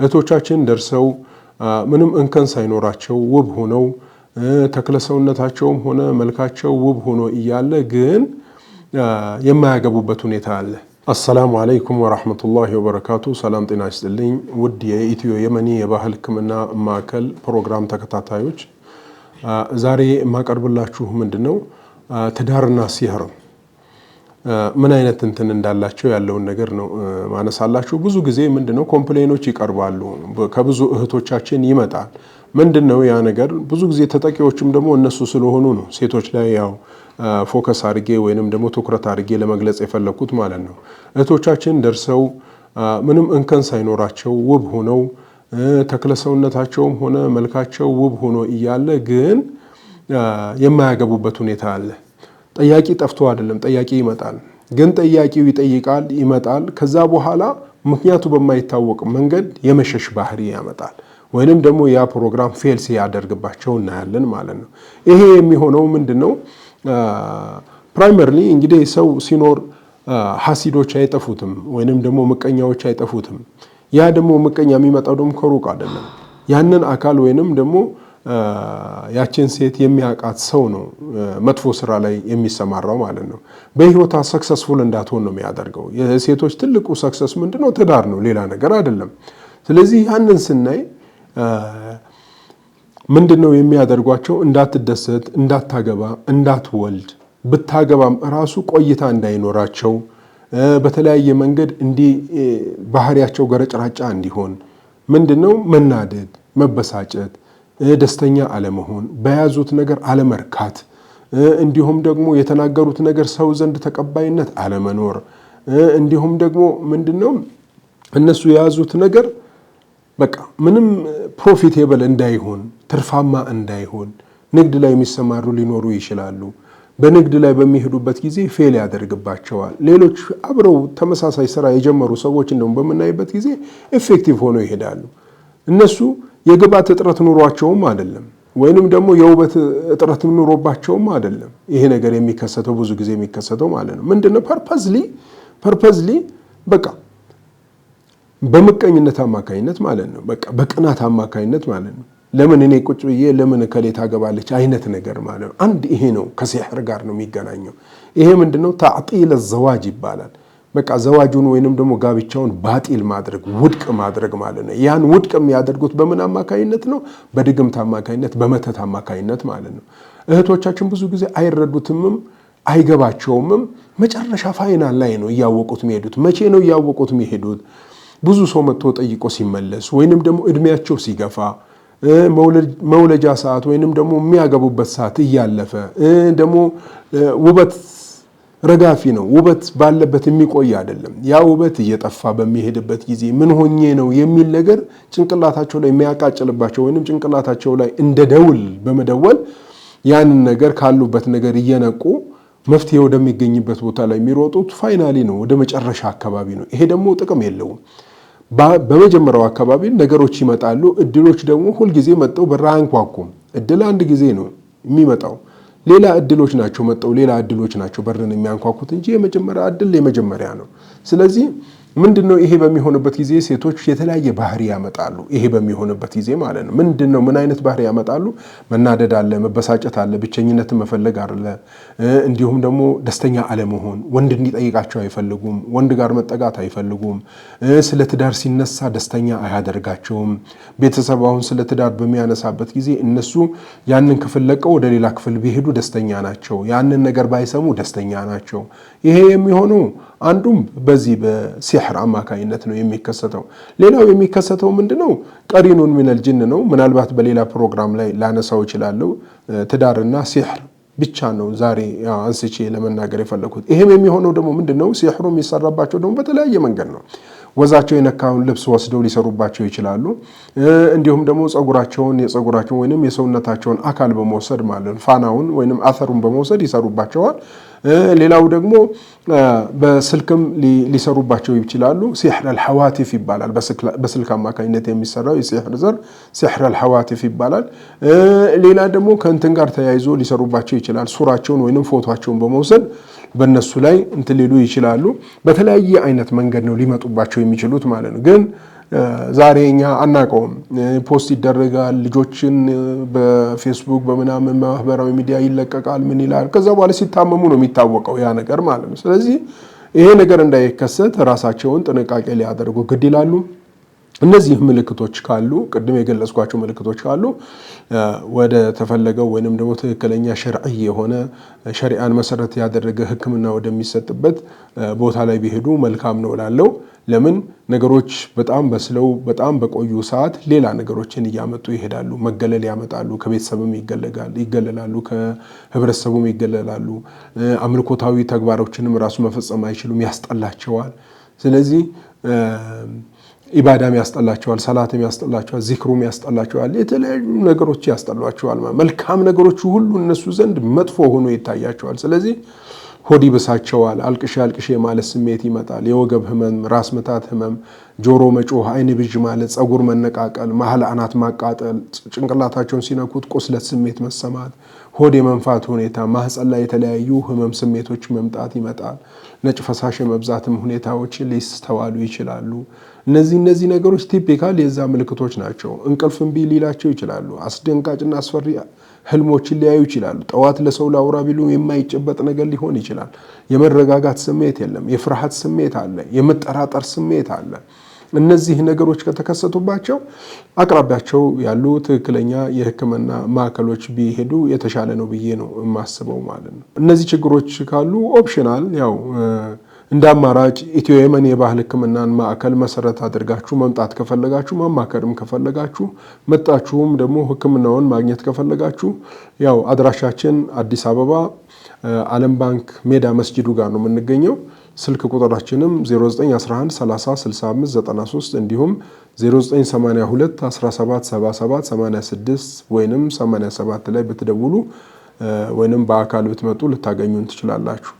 እህቶቻችን ደርሰው ምንም እንከን ሳይኖራቸው ውብ ሆነው ተክለሰውነታቸውም ሆነ መልካቸው ውብ ሆኖ እያለ ግን የማያገቡበት ሁኔታ አለ። አሰላሙ አለይኩም ወራህመቱላሂ ወበረካቱ። ሰላም ጤና ይስጥልኝ። ውድ የኢትዮ የመኒ የባህል ሕክምና ማዕከል ፕሮግራም ተከታታዮች ዛሬ የማቀርብላችሁ ምንድን ነው ትዳርና ሲህር ምን አይነት እንትን እንዳላቸው ያለውን ነገር ነው ማነሳላችሁ። ብዙ ጊዜ ምንድነው ኮምፕሌኖች ይቀርባሉ፣ ከብዙ እህቶቻችን ይመጣል። ምንድን ነው ያ ነገር? ብዙ ጊዜ ተጠቂዎችም ደግሞ እነሱ ስለሆኑ ነው ሴቶች ላይ ያው ፎከስ አድርጌ ወይንም ደግሞ ትኩረት አድርጌ ለመግለጽ የፈለግኩት ማለት ነው። እህቶቻችን ደርሰው ምንም እንከን ሳይኖራቸው ውብ ሆነው ተክለሰውነታቸውም ሆነ መልካቸው ውብ ሆኖ እያለ ግን የማያገቡበት ሁኔታ አለ። ጠያቂ ጠፍቶ አይደለም፣ ጠያቂ ይመጣል። ግን ጠያቂው ይጠይቃል፣ ይመጣል። ከዛ በኋላ ምክንያቱ በማይታወቅ መንገድ የመሸሽ ባህሪ ያመጣል። ወይንም ደግሞ ያ ፕሮግራም ፌል ሲያደርግባቸው እናያለን ማለት ነው። ይሄ የሚሆነው ምንድን ነው? ፕራይመርሊ እንግዲህ ሰው ሲኖር ሀሲዶች አይጠፉትም፣ ወይንም ደግሞ ምቀኛዎች አይጠፉትም። ያ ደግሞ ምቀኛ የሚመጣው ደግሞ ከሩቅ አይደለም። ያንን አካል ወይንም ደግሞ ያችን ሴት የሚያውቃት ሰው ነው መጥፎ ስራ ላይ የሚሰማራው ማለት ነው። በህይወቷ ሰክሰስፉል እንዳትሆን ነው የሚያደርገው። የሴቶች ትልቁ ሰክሰስ ምንድነው? ትዳር ነው፣ ሌላ ነገር አይደለም። ስለዚህ ያንን ስናይ ምንድነው የሚያደርጓቸው? እንዳትደሰት፣ እንዳታገባ፣ እንዳትወልድ ብታገባም እራሱ ቆይታ እንዳይኖራቸው በተለያየ መንገድ እንዲህ ባህሪያቸው ገረጭራጫ እንዲሆን ምንድነው መናደድ፣ መበሳጨት ደስተኛ አለመሆን፣ በያዙት ነገር አለመርካት፣ እንዲሁም ደግሞ የተናገሩት ነገር ሰው ዘንድ ተቀባይነት አለመኖር፣ እንዲሁም ደግሞ ምንድነው እነሱ የያዙት ነገር በቃ ምንም ፕሮፊቴብል እንዳይሆን፣ ትርፋማ እንዳይሆን። ንግድ ላይ የሚሰማሩ ሊኖሩ ይችላሉ። በንግድ ላይ በሚሄዱበት ጊዜ ፌል ያደርግባቸዋል። ሌሎች አብረው ተመሳሳይ ስራ የጀመሩ ሰዎች እንደውም በምናይበት ጊዜ ኤፌክቲቭ ሆነው ይሄዳሉ እነሱ የግብአት እጥረት ኑሯቸውም አይደለም ወይንም ደግሞ የውበት እጥረት ኑሮባቸውም አይደለም። ይሄ ነገር የሚከሰተው ብዙ ጊዜ የሚከሰተው ማለት ነው ምንድነው ፐርፐዝሊ ፐርፐዝሊ በቃ በምቀኝነት አማካኝነት ማለት ነው። በቃ በቅናት አማካኝነት ማለት ነው። ለምን እኔ ቁጭ ብዬ ለምን እከሌ ታገባለች አይነት ነገር ማለት ነው። አንድ ይሄ ነው፣ ከሲሕር ጋር ነው የሚገናኘው። ይሄ ምንድነው? ታዕጢል ዘዋጅ ይባላል። በቃ ዘዋጁን ወይንም ደግሞ ጋብቻውን ባጢል ማድረግ ውድቅ ማድረግ ማለት ነው። ያን ውድቅ የሚያደርጉት በምን አማካኝነት ነው? በድግምት አማካኝነት በመተት አማካኝነት ማለት ነው። እህቶቻችን ብዙ ጊዜ አይረዱትምም አይገባቸውምም። መጨረሻ ፋይናል ላይ ነው እያወቁት የሚሄዱት። መቼ ነው እያወቁት የሚሄዱት? ብዙ ሰው መጥቶ ጠይቆ ሲመለስ ወይንም ደግሞ እድሜያቸው ሲገፋ መውለጃ ሰዓት ወይንም ደግሞ የሚያገቡበት ሰዓት እያለፈ ደግሞ ውበት ረጋፊ ነው። ውበት ባለበት የሚቆይ አይደለም። ያ ውበት እየጠፋ በሚሄድበት ጊዜ ምን ሆኜ ነው የሚል ነገር ጭንቅላታቸው ላይ የሚያቃጭልባቸው ወይም ጭንቅላታቸው ላይ እንደ ደውል በመደወል ያንን ነገር ካሉበት ነገር እየነቁ መፍትሄ ወደሚገኝበት ቦታ ላይ የሚሮጡት ፋይናሊ ነው፣ ወደ መጨረሻ አካባቢ ነው። ይሄ ደግሞ ጥቅም የለውም። በመጀመሪያው አካባቢ ነገሮች ይመጣሉ። እድሎች ደግሞ ሁልጊዜ መጠው በር አያንኳኩም። እድል አንድ ጊዜ ነው የሚመጣው። ሌላ እድሎች ናቸው መጠው ሌላ እድሎች ናቸው በርን የሚያንኳኩት እንጂ የመጀመሪያ እድል የመጀመሪያ ነው። ስለዚህ ምንድን ነው ይሄ በሚሆንበት ጊዜ ሴቶች የተለያየ ባህሪ ያመጣሉ። ይሄ በሚሆንበት ጊዜ ማለት ነው ምንድን ነው ምን አይነት ባህሪ ያመጣሉ? መናደድ አለ፣ መበሳጨት አለ፣ ብቸኝነትን መፈለግ አለ፣ እንዲሁም ደግሞ ደስተኛ አለመሆን፣ ወንድ እንዲጠይቃቸው አይፈልጉም፣ ወንድ ጋር መጠጋት አይፈልጉም፣ ስለ ትዳር ሲነሳ ደስተኛ አያደርጋቸውም። ቤተሰብ አሁን ስለ ትዳር በሚያነሳበት ጊዜ እነሱ ያንን ክፍል ለቀው ወደ ሌላ ክፍል ቢሄዱ ደስተኛ ናቸው፣ ያንን ነገር ባይሰሙ ደስተኛ ናቸው። ይሄ የሚሆነው አንዱም በዚህ በሲሕር አማካኝነት ነው የሚከሰተው። ሌላው የሚከሰተው ምንድነው? ቀሪኑን ሚነል ጅን ነው። ምናልባት በሌላ ፕሮግራም ላይ ላነሳው እችላለሁ። ትዳርና ሲሕር ብቻ ነው ዛሬ አንስቼ ለመናገር የፈለኩት። ይህም የሚሆነው ደግሞ ምንድነው? ሲሕሩ የሚሰራባቸው ደግሞ በተለያየ መንገድ ነው። ወዛቸው የነካውን ልብስ ወስደው ሊሰሩባቸው ይችላሉ። እንዲሁም ደግሞ ጸጉራቸውን የጸጉራቸውን ወይም የሰውነታቸውን አካል በመውሰድ ማለት ፋናውን ወይም አተሩን በመውሰድ ይሰሩባቸዋል። ሌላው ደግሞ በስልክም ሊሰሩባቸው ይችላሉ። ሲሕር አልሐዋቲፍ ይባላል። በስልክ አማካኝነት የሚሰራው የሲሕር ዘር ሲሕር አልሐዋቲፍ ይባላል። ሌላ ደግሞ ከእንትን ጋር ተያይዞ ሊሰሩባቸው ይችላል። ሱራቸውን ወይም ፎቶቸውን በመውሰድ በእነሱ ላይ እንትን ሊሉ ይችላሉ። በተለያየ አይነት መንገድ ነው ሊመጡባቸው የሚችሉት ማለት ነው። ግን ዛሬ እኛ አናውቀውም። ፖስት ይደረጋል፣ ልጆችን በፌስቡክ በምናምን ማህበራዊ ሚዲያ ይለቀቃል። ምን ይላል? ከዛ በኋላ ሲታመሙ ነው የሚታወቀው ያ ነገር ማለት ነው። ስለዚህ ይሄ ነገር እንዳይከሰት ራሳቸውን ጥንቃቄ ሊያደርጉ ግድ ይላሉ። እነዚህ ምልክቶች ካሉ ቅድም የገለጽኳቸው ምልክቶች ካሉ ወደ ተፈለገው ወይንም ደግሞ ትክክለኛ ሸርዒ የሆነ ሸሪአን መሰረት ያደረገ ሕክምና ወደሚሰጥበት ቦታ ላይ ቢሄዱ መልካም ነው እላለሁ። ለምን ነገሮች በጣም በስለው በጣም በቆዩ ሰዓት ሌላ ነገሮችን እያመጡ ይሄዳሉ። መገለል ያመጣሉ። ከቤተሰብም ይገለላሉ፣ ከህብረተሰቡም ይገለላሉ። አምልኮታዊ ተግባሮችንም ራሱ መፈጸም አይችሉም፣ ያስጠላቸዋል። ስለዚህ ኢባዳም ያስጠላቸዋል፣ ሰላትም ያስጠላቸዋል፣ ዚክሩም ያስጠላቸዋል፣ የተለያዩ ነገሮች ያስጠሏቸዋል። መልካም ነገሮች ሁሉ እነሱ ዘንድ መጥፎ ሆኖ ይታያቸዋል። ስለዚህ ሆድ ይብሳቸዋል። አልቅሼ አልቅሼ ማለት ስሜት ይመጣል። የወገብ ህመም፣ ራስ ምታት ህመም፣ ጆሮ መጮህ፣ አይን ብዥ ማለት፣ ጸጉር መነቃቀል፣ መሀል አናት ማቃጠል፣ ጭንቅላታቸውን ሲነኩት ቁስለት ስሜት መሰማት፣ ሆድ የመንፋት ሁኔታ፣ ማህፀን ላይ የተለያዩ ህመም ስሜቶች መምጣት ይመጣል። ነጭ ፈሳሽ የመብዛትም ሁኔታዎች ሊስተዋሉ ይችላሉ። እነዚህ እነዚህ ነገሮች ቲፒካል የዛ ምልክቶች ናቸው። እንቅልፍ እምቢ ሊላቸው ይችላሉ። አስደንጋጭና አስፈሪ ህልሞችን ሊያዩ ይችላሉ። ጠዋት ለሰው ላውራ ቢሉ የማይጨበጥ ነገር ሊሆን ይችላል። የመረጋጋት ስሜት የለም። የፍርሃት ስሜት አለ። የመጠራጠር ስሜት አለ። እነዚህ ነገሮች ከተከሰቱባቸው አቅራቢያቸው ያሉ ትክክለኛ የሕክምና ማዕከሎች ቢሄዱ የተሻለ ነው ብዬ ነው የማስበው ማለት ነው። እነዚህ ችግሮች ካሉ ኦፕሽናል ያው እንደ አማራጭ ኢትዮ የመን የባህል ሕክምናን ማዕከል መሰረት አድርጋችሁ መምጣት ከፈለጋችሁ ማማከርም ከፈለጋችሁ መጣችሁም ደግሞ ሕክምናውን ማግኘት ከፈለጋችሁ ያው አድራሻችን አዲስ አበባ ዓለም ባንክ ሜዳ መስጂዱ ጋር ነው የምንገኘው። ስልክ ቁጥራችንም 0911306593 እንዲሁም 0982 ወይም ወይንም 87 ላይ ብትደውሉ ወይም በአካል ብትመጡ ልታገኙን ትችላላችሁ።